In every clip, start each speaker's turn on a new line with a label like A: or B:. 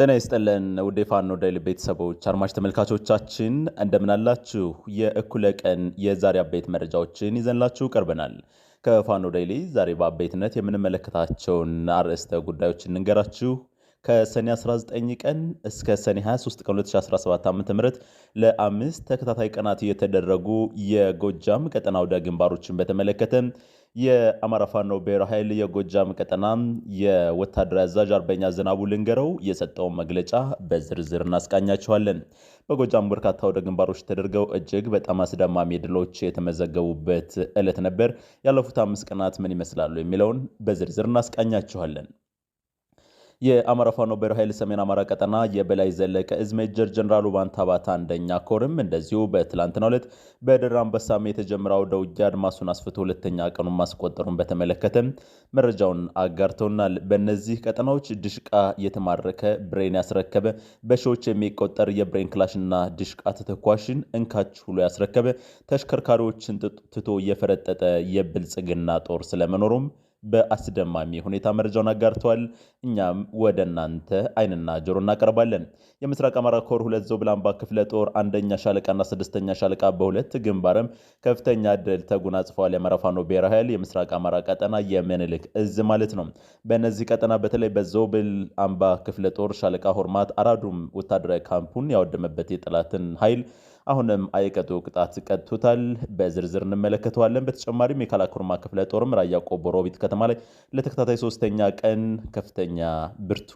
A: ጤና ይስጥልን ውድ የፋኖ ዳይሊ ቤተሰቦች አድማጭ ተመልካቾቻችን እንደምናላችሁ። የእኩለ ቀን የዛሬ አበይት መረጃዎችን ይዘንላችሁ ቀርበናል። ከፋኖ ዴይሊ ዛሬ በአበይትነት የምንመለከታቸውን አርዕስተ ጉዳዮች እንንገራችሁ። ከሰኔ 19 ቀን እስከ ሰኔ 23 ቀን 2017 ዓ ም ለአምስት ተከታታይ ቀናት የተደረጉ የጎጃም ቀጠና ወደ ግንባሮችን በተመለከተ የአማራ ፋኖ ብሔራዊ ኃይል የጎጃም ቀጠና የወታደራዊ አዛዥ አርበኛ ዝናቡ ልንገረው የሰጠውን መግለጫ በዝርዝር እናስቃኛቸዋለን። በጎጃም በርካታ ወደ ግንባሮች ተደርገው እጅግ በጣም አስደማሚ ድሎች የተመዘገቡበት ዕለት ነበር። ያለፉት አምስት ቀናት ምን ይመስላሉ የሚለውን በዝርዝር እናስቃኛቸዋለን። የአማራ ፋኖ ብሔራዊ ኃይል ሰሜን አማራ ቀጠና የበላይ ዘለቀ እዝ ሜጀር ጀነራል ባንታ አንደኛ ኮርም እንደዚሁ በትላንትናው ዕለት በደራ አንበሳም የተጀመረው ደውጊያ አድማሱን አስፍቶ ሁለተኛ ቀኑን ማስቆጠሩን በተመለከተ መረጃውን አጋርተውናል። በእነዚህ ቀጠናዎች ድሽቃ የተማረከ ብሬን ያስረከበ በሺዎች የሚቆጠር የብሬን ክላሽና ድሽቃ ተተኳሽን እንካች ሁሉ ያስረከበ ተሽከርካሪዎችን ትቶ የፈረጠጠ የብልጽግና ጦር ስለመኖሩም በአስደማሚ ሁኔታ መረጃውን አጋርተዋል። እኛም ወደ እናንተ አይንና ጆሮ እናቀርባለን። የምስራቅ አማራ ኮር ሁለት ዞብላምባ ክፍለ ጦር አንደኛ ሻለቃና ስድስተኛ ሻለቃ በሁለት ግንባርም ከፍተኛ ድል ተጎናጽፈዋል። የአማራ ፋኖ ብሔራዊ ኃይል የምስራቅ አማራ ቀጠና የምኒልክ እዝ ማለት ነው። በእነዚህ ቀጠና በተለይ በዞብል አምባ ክፍለ ጦር ሻለቃ ሆርማት አራዱም ወታደራዊ ካምፑን ያወደመበት የጠላትን ኃይል አሁንም አይቀጡ ቅጣት ቀጥቶታል። በዝርዝር እንመለከተዋለን። በተጨማሪም የካላ ኩርማ ክፍለ ጦርም ራያ ቆቦ ሮቢት ከተማ ላይ ለተከታታይ ሶስተኛ ቀን ከፍተኛ ብርቱ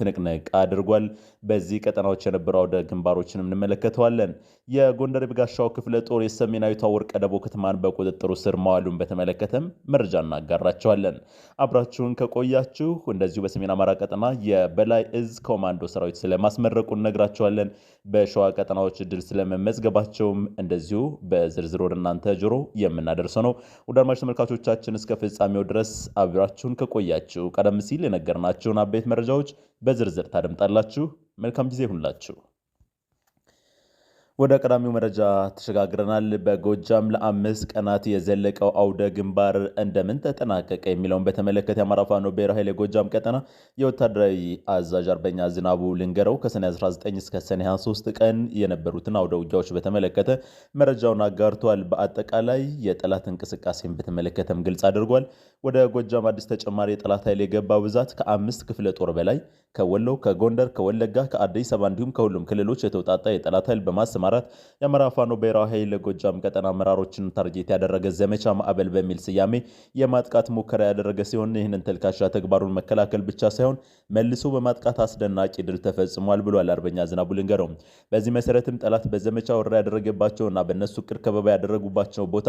A: ትንቅንቅ አድርጓል። በዚህ ቀጠናዎች የነበሩ አውደ ግንባሮችንም እንመለከተዋለን። የጎንደር የበጋሻው ክፍለ ጦር የሰሜናዊቷ ታወር ቀደቦ ከተማን በቁጥጥሩ ስር መዋሉን በተመለከተም መረጃ እናጋራቸዋለን። አብራችሁን ከቆያችሁ እንደዚሁ በሰሜን አማራ ቀጠና የበላይ እዝ ኮማንዶ ሰራዊት ስለማስመረቁ እነግራቸዋለን። በሸዋ ቀጠናዎች ድል ስለመመዝገባቸውም እንደዚሁ በዝርዝር ወደ እናንተ ጆሮ የምናደርሰው ነው። ወደ አድማጭ ተመልካቾቻችን እስከ ፍጻሜው ድረስ አብራችሁን ከቆያችሁ ቀደም ሲል የነገርናችሁን አበይት መረጃዎች በዝርዝር ታደምጣላችሁ። መልካም ጊዜ ይሁንላችሁ። ወደ ቀዳሚው መረጃ ተሸጋግረናል። በጎጃም ለአምስት ቀናት የዘለቀው አውደ ግንባር እንደምን ተጠናቀቀ የሚለውን በተመለከተ የአማራ ፋኖ ብሔራዊ ኃይል የጎጃም ቀጠና የወታደራዊ አዛዥ አርበኛ ዝናቡ ልንገረው ከሰኔ 19 እስከ ሰኔ 23 ቀን የነበሩትን አውደ ውጊያዎች በተመለከተ መረጃውን አጋርቷል። በአጠቃላይ የጠላት እንቅስቃሴን በተመለከተም ግልጽ አድርጓል። ወደ ጎጃም አዲስ ተጨማሪ የጠላት ኃይል የገባ ብዛት ከአምስት ክፍለ ጦር በላይ ከወሎ፣ ከጎንደር፣ ከወለጋ፣ ከአዲስ አበባ እንዲሁም ከሁሉም ክልሎች የተውጣጣ የጠላት ኃይል በማሰማራት የአማራ ፋኖ ብሔራዊ ኃይል ለጎጃም ቀጠና አመራሮችን ታርጌት ያደረገ ዘመቻ ማዕበል በሚል ስያሜ የማጥቃት ሙከራ ያደረገ ሲሆን ይህንን ተልካሻ ተግባሩን መከላከል ብቻ ሳይሆን መልሶ በማጥቃት አስደናቂ ድል ተፈጽሟል ብሏል አርበኛ ዝናቡ ልንገረው። በዚህ መሰረትም ጠላት በዘመቻ ወረራ ያደረገባቸውና በእነሱ ቅድ ከበባ ያደረጉባቸው ቦታ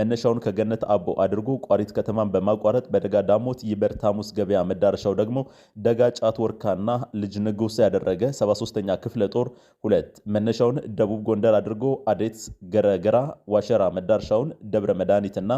A: መነሻውን ከገነት አቦ አድርጎ ቋሪት ከተማን በማ በማቋረጥ በደጋ ዳሞት ይበርታ ገበያ መዳረሻው ደግሞ ደጋ ጫት ወርካና ልጅ ንጉሥ ያደረገ 73ኛ ክፍለ ጦር ሁለት መነሻውን ደቡብ ጎንደር አድርጎ አዴት ገረገራ ዋሸራ መዳረሻውን ደብረ መድኃኒትና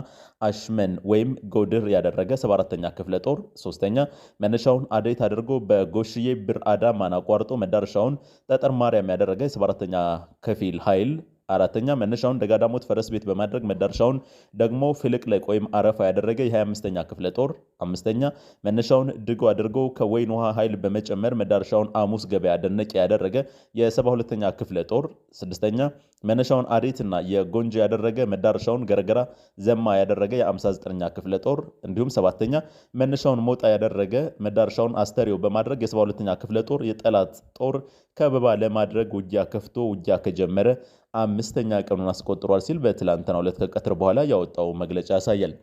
A: አሽመን ወይም ጎድር ያደረገ 74ኛ ክፍለ ጦር ሶስተኛ መነሻውን አዴት አድርጎ በጎሽዬ ብር አዳማን አቋርጦ መዳረሻውን ጠጠር ማርያም ያደረገ 74 ኛ ከፊል ኃይል አራተኛ መነሻውን ደጋዳሞት ፈረስ ቤት በማድረግ መዳረሻውን ደግሞ ፍልቅለቅ ወይም አረፋ ያደረገ የ25ኛ ክፍለ ጦር። አምስተኛ መነሻውን ድጎ አድርጎ ከወይን ውሃ ኃይል በመጨመር መዳረሻውን አሙስ ገበያ ደነቄ ያደረገ የ72ኛ ክፍለ ጦር። ስድስተኛ መነሻውን አዴትና የጎንጆ ያደረገ መዳረሻውን ገረገራ ዘማ ያደረገ የ59ኛ ክፍለ ጦር። እንዲሁም ሰባተኛ መነሻውን ሞጣ ያደረገ መዳረሻውን አስተሪው በማድረግ የ72ኛ ክፍለ ጦር የጠላት ጦር ከበባ ለማድረግ ውጊያ ከፍቶ ውጊያ ከጀመረ አምስተኛ ቀኑን አስቆጥሯል ሲል በትላንትና ሁለት ከቀትር በኋላ ያወጣው መግለጫ ያሳያል።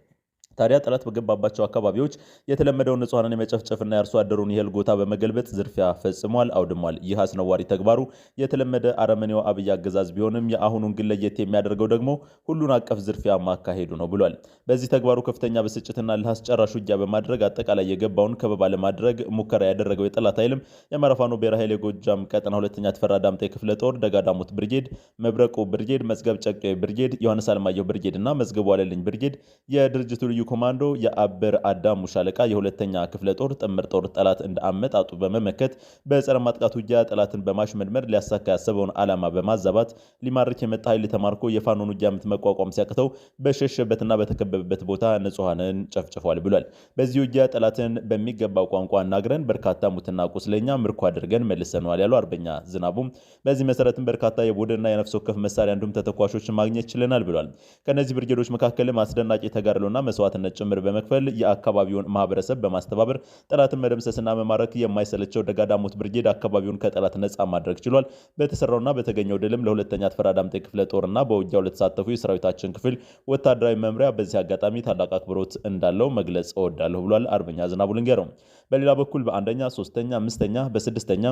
A: ታዲያ ጠላት በገባባቸው አካባቢዎች የተለመደውን ንጹሐንን የመጨፍጨፍና የአርሶ አደሩን የእህል ጎታ በመገልበጥ ዝርፊያ ፈጽሟል፣ አውድሟል። ይህ አስነዋሪ ተግባሩ የተለመደ አረመኔው አብይ አገዛዝ ቢሆንም የአሁኑን ግን ለየት የሚያደርገው ደግሞ ሁሉን አቀፍ ዝርፊያ ማካሄዱ ነው ብሏል። በዚህ ተግባሩ ከፍተኛ ብስጭትና እልህ ውጊያ በማድረግ አጠቃላይ የገባውን ከበባ ለማድረግ ሙከራ ያደረገው የጠላት ኃይልም የመረፋኖ ፋኖ ብሔራዊ ኃይል የጎጃም ቀጠና ሁለተኛ ተፈራ ዳምጤ ክፍለ ጦር ደጋዳሙት ብርጌድ፣ መብረቁ ብርጌድ፣ መዝገብ ጨቅ ብርጌድ፣ ዮሐንስ አለማየሁ ብርጌድ እና መዝገቡ አለልኝ ብርጌድ የድርጅቱ ልዩ ኮማንዶ የአበር አዳሙ ሻለቃ የሁለተኛ ክፍለ ጦር ጥምር ጦር ጠላት እንደ አመጣጡ በመመከት በጸረ ማጥቃት ውጊያ ጠላትን በማሽመድመድ ሊያሳካ ያሰበውን ዓላማ በማዛባት ሊማርክ የመጣ ኃይል ተማርኮ የፋኖን ውጊያ ምት መቋቋም ሲያቅተው በሸሸበትና በተከበበበት ቦታ ንጹሐንን ጨፍጭፏል ብሏል። በዚህ ውጊያ ጠላትን በሚገባው ቋንቋ አናግረን በርካታ ሙትና ቁስለኛ ምርኮ አድርገን መልሰነዋል ያሉ አርበኛ ዝናቡም በዚህ መሰረትም በርካታ የቡድንና የነፍስ ወከፍ መሳሪያ እንዲሁም ተተኳሾችን ማግኘት ችለናል ብሏል። ከእነዚህ ብርጌዶች መካከልም አስደናቂ ተጋድሎና መስዋዕት መስዋዕትነት ጭምር በመክፈል የአካባቢውን ማህበረሰብ በማስተባበር ጠላትን መደምሰስና መማረክ የማይሰለቸው ደጋዳሞት ብርጌድ አካባቢውን ከጠላት ነፃ ማድረግ ችሏል። በተሰራውና በተገኘው ድልም ለሁለተኛ ተፈራ ዳምጤ ክፍለ ጦርና በውጊያው ለተሳተፉ የሰራዊታችን ክፍል ወታደራዊ መምሪያ በዚህ አጋጣሚ ታላቅ አክብሮት እንዳለው መግለጽ እወዳለሁ ብሏል አርበኛ ዝናቡ ልንገረው። በሌላ በኩል በአንደኛ፣ ሶስተኛ፣ አምስተኛ፣ በስድስተኛ፣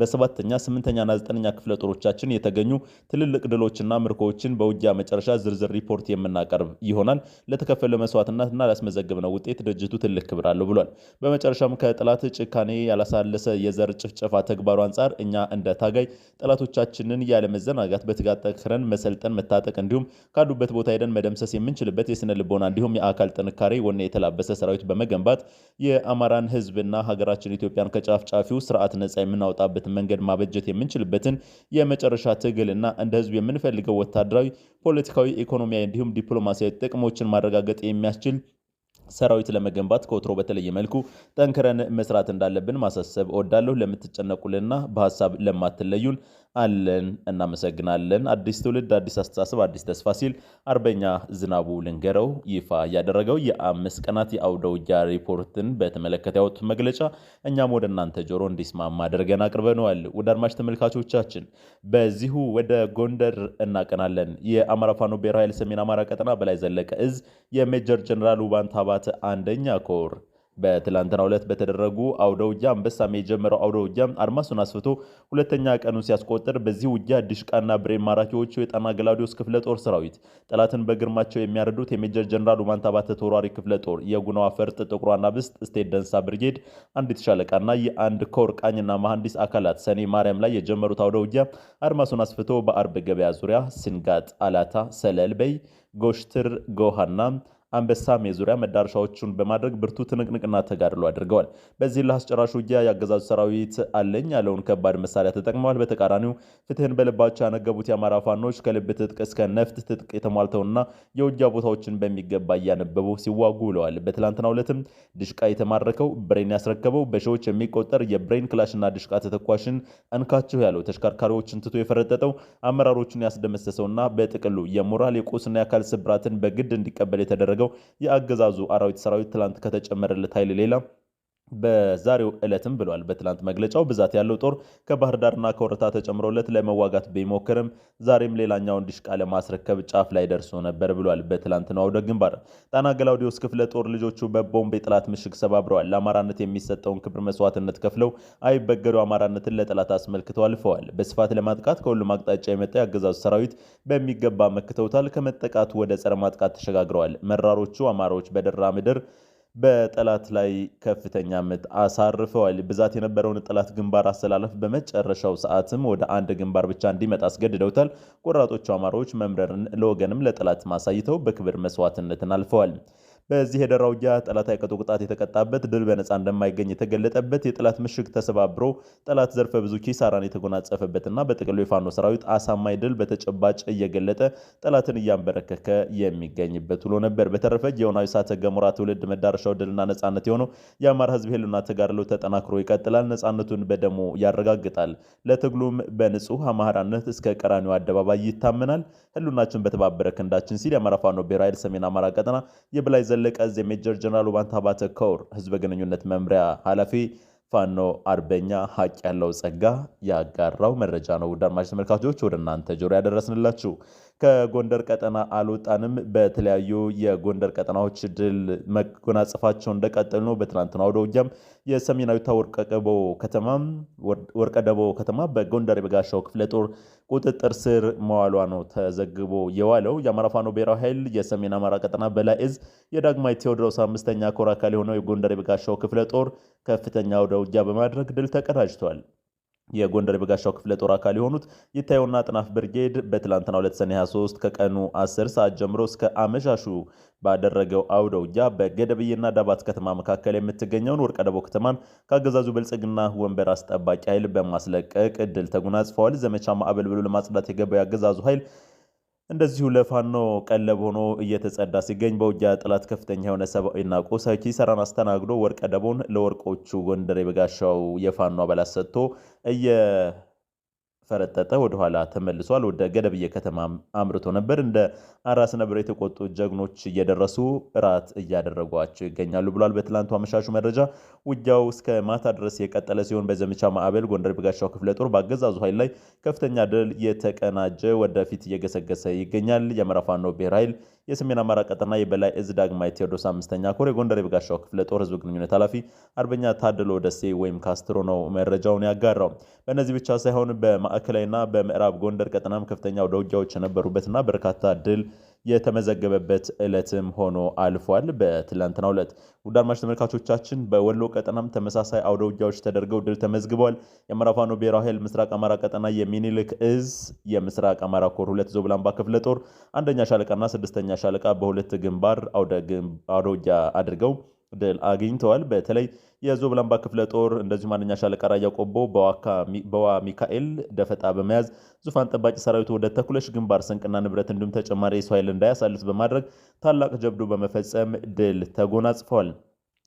A: በሰባተኛ፣ ስምንተኛና ዘጠነኛ ክፍለ ጦሮቻችን የተገኙ ትልልቅ ድሎችና ምርኮዎችን በውጊያ መጨረሻ ዝርዝር ሪፖርት የምናቀርብ ይሆናል። ለተከፈለ መስዋዕትና ላስቀናትና ላስመዘገብነው ውጤት ድርጅቱ ትልቅ ክብር አለው ብሏል። በመጨረሻም ከጠላት ጭካኔ ያላሳለሰ የዘር ጭፍጨፋ ተግባሩ አንጻር እኛ እንደ ታጋይ ጠላቶቻችንን ያለመዘናጋት በትጋት ጠንክረን መሰልጠን፣ መታጠቅ እንዲሁም ካሉበት ቦታ ሄደን መደምሰስ የምንችልበት የስነ ልቦና እንዲሁም የአካል ጥንካሬ ወኔ የተላበሰ ሰራዊት በመገንባት የአማራን ሕዝብና ሀገራችን ኢትዮጵያን ከጫፍ ጫፊው ስርዓት ነጻ የምናወጣበትን መንገድ ማበጀት የምንችልበትን የመጨረሻ ትግልና እንደ ህዝብ የምንፈልገው ወታደራዊ፣ ፖለቲካዊ፣ ኢኮኖሚያዊ እንዲሁም ዲፕሎማሲያዊ ጥቅሞችን ማረጋገጥ የሚያስችል ሰራዊት ለመገንባት ከወትሮ በተለየ መልኩ ጠንክረን መስራት እንዳለብን ማሳሰብ እወዳለሁ። ለምትጨነቁልንና በሀሳብ ለማትለዩን አለን። እናመሰግናለን። አዲስ ትውልድ፣ አዲስ አስተሳሰብ፣ አዲስ ተስፋ ሲል አርበኛ ዝናቡ ልንገረው ይፋ ያደረገው የአምስት ቀናት የአውደ ውጊያ ሪፖርትን በተመለከተ ያወጡት መግለጫ እኛም ወደ እናንተ ጆሮ እንዲስማማ አድርገን አቅርበነዋል። ወደ አድማጭ ተመልካቾቻችን በዚሁ ወደ ጎንደር እናቀናለን። የአማራ ፋኖ ብሔራዊ ኃይል ሰሜን አማራ ቀጠና በላይ ዘለቀ እዝ የሜጀር ጀነራል ውባንታባት አንደኛ ኮር በትላንትና ዕለት በተደረጉ አውደ ውጊያ አንበሳሜ የጀመረው አውደ ውጊያ አድማሱን አስፍቶ ሁለተኛ ቀኑን ሲያስቆጥር፣ በዚህ ውጊያ ድሽቃና ብሬን ማራኪዎቹ የጣና ገላዲዮስ ክፍለ ጦር ሰራዊት ጠላትን በግርማቸው የሚያረዱት የሜጀር ጀነራል ኡማንታባተ ተወራሪ ክፍለ ጦር የጉናዋ ፈርጥ ጥቁሯና ብስጥ ስቴት ደንሳ ብርጌድ አንዲት ሻለቃና የአንድ ኮር ቃኝና መሐንዲስ አካላት ሰኔ ማርያም ላይ የጀመሩት አውደ ውጊያ አድማሱን አስፍቶ በአርብ ገበያ ዙሪያ ሲንጋጥ፣ አላታ፣ ሰለልበይ፣ ጎሽትር፣ ጎሃና አንበሳም የዙሪያ መዳረሻዎቹን በማድረግ ብርቱ ትንቅንቅና ተጋድሎ አድርገዋል። በዚህ ለአስጨራሽ ውጊያ የአገዛዙ ሰራዊት አለኝ ያለውን ከባድ መሳሪያ ተጠቅመዋል። በተቃራኒው ፍትህን በልባቸው ያነገቡት የአማራ ፋኖች ከልብ ትጥቅ እስከ ነፍት ትጥቅ የተሟልተውና የውጊያ ቦታዎችን በሚገባ እያነበቡ ሲዋጉ ውለዋል። በትላንትናው ዕለትም ድሽቃ የተማረከው ብሬን ያስረከበው በሺዎች የሚቆጠር የብሬን ክላሽና ድሽቃ ተተኳሽን እንካችሁ ያለው ተሽከርካሪዎችን ትቶ የፈረጠጠው አመራሮቹን ያስደመሰሰውና በጥቅሉ የሞራል የቁስና የአካል ስብራትን በግድ እንዲቀበል የተደረገው ያደረገው የአገዛዙ አራዊት ሰራዊት ትላንት ከተጨመረለት ኃይል ሌላ በዛሬው ዕለትም ብሏል። በትላንት መግለጫው ብዛት ያለው ጦር ከባህር ዳርና ከወረታ ተጨምሮለት ለመዋጋት ቢሞክርም ዛሬም ሌላኛውን ዲሽቃ ለማስረከብ ጫፍ ላይ ደርሶ ነበር ብሏል። ነው አውደ ግንባር ጣና ገላውዲዮስ ክፍለ ጦር ልጆቹ በቦምብ የጠላት ምሽግ ሰባብረዋል። ለአማራነት የሚሰጠውን ክብር መስዋዕትነት ከፍለው አይበገዱ አማራነትን ለጠላት አስመልክተው አልፈዋል። በስፋት ለማጥቃት ከሁሉም አቅጣጫ የመጣ የአገዛዙ ሰራዊት በሚገባ መክተውታል። ከመጠቃቱ ወደ ጸረ ማጥቃት ተሸጋግረዋል። መራሮቹ አማራዎች በደራ ምድር በጠላት ላይ ከፍተኛ ምት አሳርፈዋል። ብዛት የነበረውን ጠላት ግንባር አሰላለፍ በመጨረሻው ሰዓትም ወደ አንድ ግንባር ብቻ እንዲመጣ አስገድደውታል። ቆራጦቹ አማራዎች መምረርን ለወገንም ለጠላት ማሳይተው በክብር መስዋዕትነትን አልፈዋል። በዚህ የደራ ውጊያ ጠላት አይቀጡ ቅጣት የተቀጣበት ድል በነፃ እንደማይገኝ የተገለጠበት የጠላት ምሽግ ተሰባብሮ ጠላት ዘርፈ ብዙ ኪሳራን የተጎናጸፈበትና በጥቅሉ የፋኖ ሰራዊት አሳማኝ ድል በተጨባጭ እየገለጠ ጠላትን እያንበረከከ የሚገኝበት ውሎ ነበር። በተረፈ የሆናዊ ሳተ ገሞራ ትውልድ መዳረሻው ድልና ነፃነት የሆነው የአማራ ህዝብ ህልና ተጋድለው ተጠናክሮ ይቀጥላል። ነፃነቱን በደሞ ያረጋግጣል። ለትግሉም በንጹህ አማራነት እስከ ቀራኒው አደባባይ ይታመናል። ህሉናችን በተባበረ ክንዳችን ሲል የአማራ ፋኖ ብሔራዊ ኃይል ሰሜን አማራ ቀጠና የበላይ ዘለ ዘለቀ የሜጀር ጀነራል ባንታ ባተ ከውር ህዝብ ግንኙነት መምሪያ ኃላፊ ፋኖ አርበኛ ሀቅ ያለው ጸጋ ያጋራው መረጃ ነው። ውድ አድማጭ ተመልካቾች ወደ እናንተ ጆሮ ያደረስንላችሁ ከጎንደር ቀጠና አልወጣንም። በተለያዩ የጎንደር ቀጠናዎች ድል መጎናጸፋቸው እንደቀጠሉ ነው። በትናንትና ወደ ውጊያም የሰሜናዊቷ ወርቀደቦ ከተማ ወርቀደቦ ከተማ በጎንደር የበጋሻው ክፍለ ጦር ቁጥጥር ስር መዋሏ ነው ተዘግቦ የዋለው። የአማራ ፋኖ ብሔራዊ ኃይል የሰሜን አማራ ቀጠና በላይ ዕዝ የዳግማዊ ቴዎድሮስ አምስተኛ ኮር አካል የሆነው የጎንደር የበጋሻው ክፍለ ጦር ከፍተኛ ወደ ውጊያ በማድረግ ድል ተቀዳጅቷል። የጎንደር የበጋሻው ክፍለ ጦር አካል የሆኑት ይታየውና ጥናፍ ብርጌድ በትላንትና 2 ሰኔ 23 ከቀኑ 10 ሰዓት ጀምሮ እስከ አመሻሹ ባደረገው አውደ ውጊያ በገደብዬና ዳባት ከተማ መካከል የምትገኘውን ወርቀደቦ ከተማን ከአገዛዙ ብልጽግና ወንበር አስጠባቂ ኃይል በማስለቀቅ ድል ተጎናጽፈዋል። ዘመቻ ማዕበል ብሎ ለማጽዳት የገባው የአገዛዙ ኃይል እንደዚሁ ለፋኖ ቀለብ ሆኖ እየተጸዳ ሲገኝ በውጊያ ጠላት ከፍተኛ የሆነ ሰብአዊና ቁሳዊ ኪሳራን አስተናግዶ ወርቀ ደቦን ለወርቆቹ ጎንደር የበጋሻው የፋኖ አባላት ሰጥቶ እየ ፈረጠጠ፣ ወደኋላ ተመልሷል። ወደ ገደብዬ ከተማ አምርቶ ነበር። እንደ አራስ ነበር የተቆጡ ጀግኖች እየደረሱ እራት እያደረጓቸው ይገኛሉ ብሏል። በትላንቱ አመሻሹ መረጃ ውጊያው እስከ ማታ ድረስ የቀጠለ ሲሆን በዘመቻ ማዕበል ጎንደር ቢጋሻው ክፍለ ጦር በአገዛዙ ኃይል ላይ ከፍተኛ ድል የተቀናጀ ወደፊት እየገሰገሰ ይገኛል። የመራፋኖ ብሔር ኃይል የሰሜን አማራ ቀጠና የበላይ እዝ ዳግማዊ ቴዎድሮስ አምስተኛ ኮር የጎንደር የበጋሻው ክፍለ ጦር ህዝብ ግንኙነት ኃላፊ አርበኛ ታድሎ ደሴ ወይም ካስትሮ ነው መረጃውን ያጋራው። በእነዚህ ብቻ ሳይሆን በማዕከላዊና በምዕራብ ጎንደር ቀጠናም ከፍተኛ ወደ ውጊያዎች የነበሩበትና በርካታ ድል የተመዘገበበት ዕለትም ሆኖ አልፏል። በትላንትናው ዕለት ውድ አድማጭ ተመልካቾቻችን በወሎ ቀጠናም ተመሳሳይ አውደ ውጊያዎች ተደርገው ድል ተመዝግበዋል። የአማራ ፋኖ ብሔራዊ ኃይል ምስራቅ አማራ ቀጠና የሚኒልክ እዝ የምስራቅ አማራ ኮር ሁለት ዞብላምባ ክፍለ ጦር አንደኛ ሻለቃና ስድስተኛ ሻለቃ በሁለት ግንባር አውደ ውጊያ አድርገው ድል አግኝተዋል። በተለይ የዞብላምባ ክፍለ ጦር እንደዚሁ ማንኛ ሻለቃ ራያ ቆቦ በዋ ሚካኤል ደፈጣ በመያዝ ዙፋን ጠባቂ ሰራዊቱ ወደ ተኩለሽ ግንባር ስንቅና ንብረት እንዲሁም ተጨማሪ የሰው ኃይል እንዳያሳልፍ በማድረግ ታላቅ ጀብዱ በመፈጸም ድል ተጎናጽፈዋል።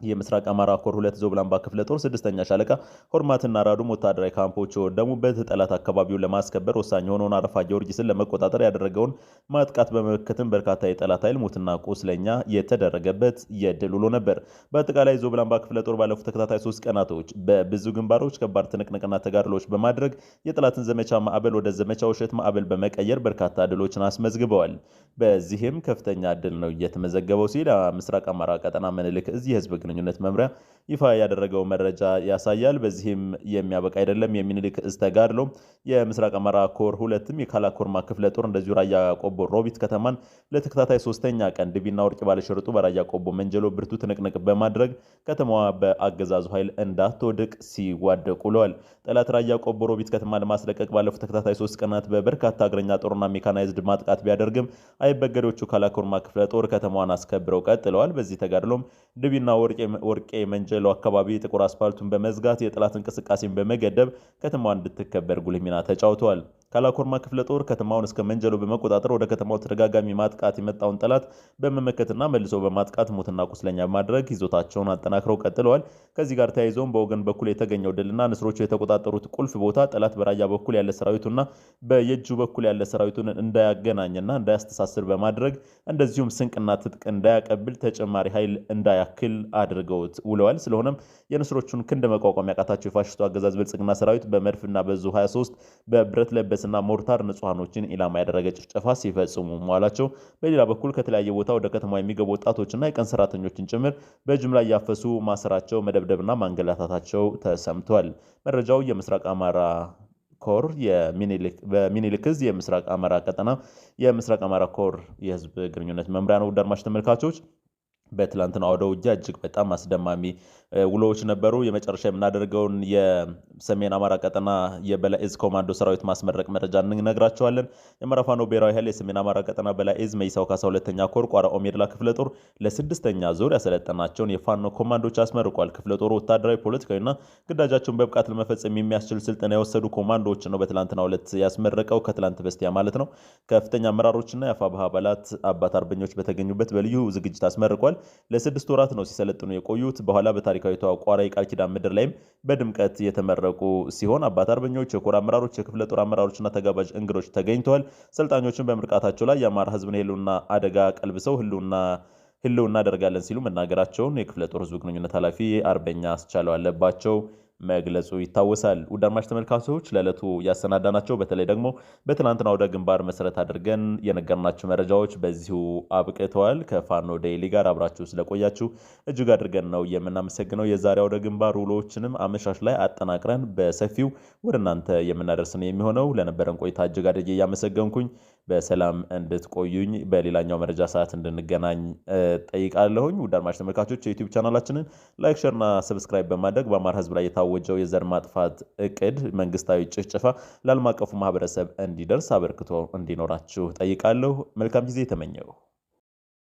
A: የምስራቅ አማራ ኮር ሁለት ዞብላምባ ክፍለ ጦር ስድስተኛ ሻለቃ ሆርማትና ራዱም ወታደራዊ ካምፖች የወደሙበት ጠላት አካባቢውን ለማስከበር ወሳኝ የሆነውን አረፋ ጊዮርጊስን ለመቆጣጠር ያደረገውን ማጥቃት በመመከትም በርካታ የጠላት ኃይል ሞትና ቁስለኛ የተደረገበት የድል ውሎ ነበር። በአጠቃላይ ዞብላምባ ክፍለ ጦር ባለፉት ተከታታይ ሶስት ቀናቶች በብዙ ግንባሮች ከባድ ትንቅንቅና ተጋድሎች በማድረግ የጠላትን ዘመቻ ማዕበል ወደ ዘመቻ ውሸት ማዕበል በመቀየር በርካታ ድሎችን አስመዝግበዋል። በዚህም ከፍተኛ ድል ነው እየተመዘገበው ሲል ምስራቅ አማራ ቀጠና ምኒልክ እዚህ ህዝብ ግንኙነት መምሪያ ይፋ ያደረገው መረጃ ያሳያል። በዚህም የሚያበቃ አይደለም። የሚኒልክ እስተጋድሎ የምስራቅ አማራ ኮር ሁለትም የካላኮርማ ክፍለ ጦር እንደዚሁ ራያ ቆቦ ሮቢት ከተማን ለተከታታይ ሶስተኛ ቀን ድቢና ወርቅ ባለሸርጡ በራያ ቆቦ መንጀሎ ብርቱ ትንቅንቅ በማድረግ ከተማዋ በአገዛዙ ኃይል እንዳትወድቅ ሲዋደቁ ውለዋል። ጠላት ራያ ቆቦ ሮቢት ከተማ ለማስለቀቅ ባለፉት ተከታታይ ሶስት ቀናት በበርካታ እግረኛ ጦርና ሜካናይዝድ ማጥቃት ቢያደርግም አይበገዶቹ ካላኮርማ ክፍለ ጦር ከተማዋን አስከብረው ቀጥለዋል። በዚህ ተጋድሎም ድቢና ወር ወርቄ መንጀሎ አካባቢ ጥቁር አስፋልቱን በመዝጋት የጠላት እንቅስቃሴን በመገደብ ከተማዋ እንድትከበር ጉልህ ሚና ተጫውተዋል። ካላኮርማ ክፍለ ጦር ከተማውን እስከ መንጀሎ በመቆጣጠር ወደ ከተማው ተደጋጋሚ ማጥቃት የመጣውን ጠላት በመመከትና መልሶ በማጥቃት ሞትና ቁስለኛ በማድረግ ይዞታቸውን አጠናክረው ቀጥለዋል። ከዚህ ጋር ተያይዘውም በወገን በኩል የተገኘው ድልና ንስሮቹ የተቆጣጠሩት ቁልፍ ቦታ ጠላት በራያ በኩል ያለ ሰራዊቱና በየጁ በኩል ያለ ሰራዊቱን እንዳያገናኝና እንዳያስተሳስር በማድረግ እንደዚሁም ስንቅና ትጥቅ እንዳያቀብል ተጨማሪ ኃይል እንዳያክል አድርገውት ውለዋል። ስለሆነም የንስሮቹን ክንድ መቋቋም ያቃታቸው የፋሽስቱ አገዛዝ ብልጽግና ሰራዊት በመድፍና በዙ 23 በብረት ለበስና ሞርታር ንጹሐኖችን ኢላማ ያደረገ ጭፍጨፋ ሲፈጽሙ መዋላቸው፣ በሌላ በኩል ከተለያየ ቦታ ወደ ከተማ የሚገቡ ወጣቶችና የቀን ሰራተኞችን ጭምር በጅምላ እያፈሱ ማሰራቸው፣ መደብደብና ማንገላታታቸው ተሰምቷል። መረጃው የምስራቅ አማራ ኮር በሚኒልክዝ የምስራቅ አማራ ቀጠና የምስራቅ አማራ ኮር የህዝብ ግንኙነት መምሪያ ነው። ውድ አድማጭ ተመልካቾች በትላንትና አውደ ውጊያ እጅግ በጣም አስደማሚ ውሎዎች ነበሩ። የመጨረሻ የምናደርገውን የሰሜን አማራ ቀጠና የበላይ ኮማንዶ ሰራዊት ማስመረቅ መረጃ እንነግራቸዋለን። የአማራ ብሔራዊ ኃይል የሰሜን አማራ ቀጠና በላይ መይሳው ካሳ ሁለተኛ ኮር ቋራ ኦሜድላ ክፍለ ጦር ለስድስተኛ ዙር ያሰለጠናቸውን የፋኖ ኮማንዶች አስመርቋል። ክፍለ ጦሩ ወታደራዊ፣ ፖለቲካዊና ግዳጃቸውን በብቃት ለመፈጸም የሚያስችል ስልጠና የወሰዱ ኮማንዶዎች ነው በትላንትና ሁለት ያስመረቀው፣ ከትላንት በስቲያ ማለት ነው። ከፍተኛ አመራሮችና የአፋብኃ አባላት አባት አርበኞች በተገኙበት በልዩ ዝግጅት አስመርቋል። ለስድስት ወራት ነው ሲሰለጥኑ የቆዩት በኋላ ታሪካዊቷ ቋራ የቃል ኪዳን ምድር ላይም በድምቀት የተመረቁ ሲሆን አባት አርበኞች፣ የኮር አመራሮች፣ የክፍለ ጦር አመራሮችና ተጋባዥ እንግዶች ተገኝተዋል። ሰልጣኞችን በምርቃታቸው ላይ የአማራ ህዝብን የህልውና አደጋ ቀልብሰው ህልውና ህልው እናደርጋለን ሲሉ መናገራቸውን የክፍለ ጦር ህዝብ ግንኙነት ኃላፊ አርበኛ አስቻለው አለባቸው መግለጹ ይታወሳል። ውድ አድማጭ ተመልካቾች ለዕለቱ ያሰናዳናቸው በተለይ ደግሞ በትናንትና ወደ ግንባር መሰረት አድርገን የነገርናቸው መረጃዎች በዚሁ አብቅተዋል። ከፋኖ ዴይሊ ጋር አብራችሁ ስለቆያችሁ እጅግ አድርገን ነው የምናመሰግነው። የዛሬ ወደ ግንባር ውሎችንም አመሻሽ ላይ አጠናቅረን በሰፊው ወደ እናንተ ነው የሚሆነው ለነበረን ቆይታ እጅግ አድርጌ እያመሰገንኩኝ በሰላም እንድትቆዩኝ በሌላኛው መረጃ ሰዓት እንድንገናኝ ጠይቃለሁኝ። ውድ አድማጭ ተመልካቾች የዩቲዩብ ቻናላችንን ላይክ፣ ሸርና ሰብስክራይብ በማድረግ በአማራ ህዝብ ላይ የታ ያወጀው የዘር ማጥፋት እቅድ መንግስታዊ ጭፍጨፋ ለዓለም አቀፉ ማህበረሰብ እንዲደርስ አበርክቶ እንዲኖራችሁ ጠይቃለሁ። መልካም ጊዜ ተመኘው።